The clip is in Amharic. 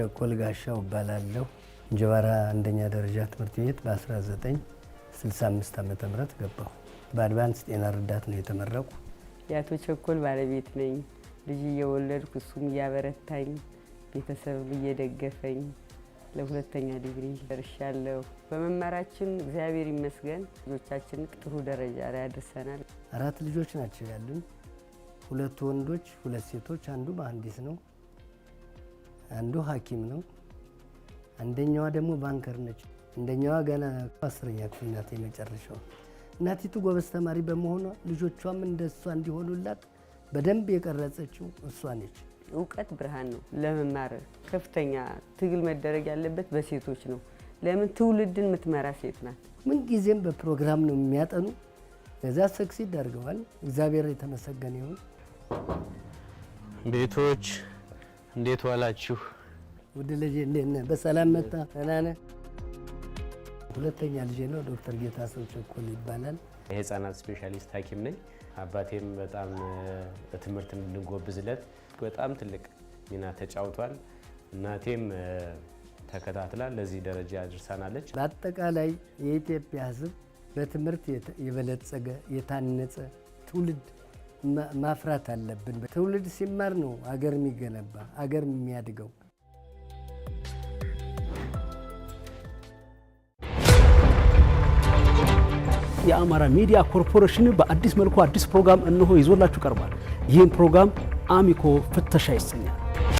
ቸኮል ጋሻው እባላለሁ። እንጅባራ አንደኛ ደረጃ ትምህርት ቤት በ1965 ዓ ም ገባሁ። በአድቫንስ ጤና ረዳት ነው የተመረቁ። የአቶ ቸኮል ባለቤት ነኝ። ልጅ እየወለድኩ እሱም እያበረታኝ ቤተሰብ እየደገፈኝ ለሁለተኛ ዲግሪ ደርሻለሁ። በመማራችን እግዚአብሔር ይመስገን ልጆቻችን ጥሩ ደረጃ ላይ አድርሰናል። አራት ልጆች ናቸው ያሉን፣ ሁለቱ ወንዶች፣ ሁለት ሴቶች። አንዱ መሐንዲስ ነው። አንዱ ሐኪም ነው። አንደኛዋ ደግሞ ባንከር ነች። አንደኛዋ ገና አስረኛ ክፍል ናት የመጨረሻው። እናቲቱ ጎበዝ ተማሪ በመሆኗ ልጆቿም እንደ እሷ እንዲሆኑላት በደንብ የቀረጸችው እሷ ነች። እውቀት ብርሃን ነው። ለመማር ከፍተኛ ትግል መደረግ ያለበት በሴቶች ነው። ለምን ትውልድን የምትመራ ሴት ናት። ምንጊዜም በፕሮግራም ነው የሚያጠኑ። ለዛ ሰክሲድ አድርገዋል። እግዚአብሔር የተመሰገነ ይሁን ቤቶች እንዴት ዋላችሁ? ውድ ልጅ እንዴት ነህ? በሰላም መጣ? ደህና ነህ? ሁለተኛ ልጅ ነው። ዶክተር ጌታሰው ቸኮል ይባላል። የህፃናት ስፔሻሊስት ሐኪም ነኝ። አባቴም በጣም በትምህርት እንድንጎብዝለት በጣም ትልቅ ሚና ተጫውቷል። እናቴም ተከታትላ ለዚህ ደረጃ አድርሳናለች። በአጠቃላይ የኢትዮጵያ ህዝብ በትምህርት የበለጸገ የታነጸ ትውልድ ማፍራት አለብን። ትውልድ ሲማር ነው አገር የሚገነባ አገር የሚያድገው። የአማራ ሚዲያ ኮርፖሬሽን በአዲስ መልኩ አዲስ ፕሮግራም እነሆ ይዞላችሁ ቀርቧል። ይህም ፕሮግራም አሚኮ ፍተሻ ይሰኛል።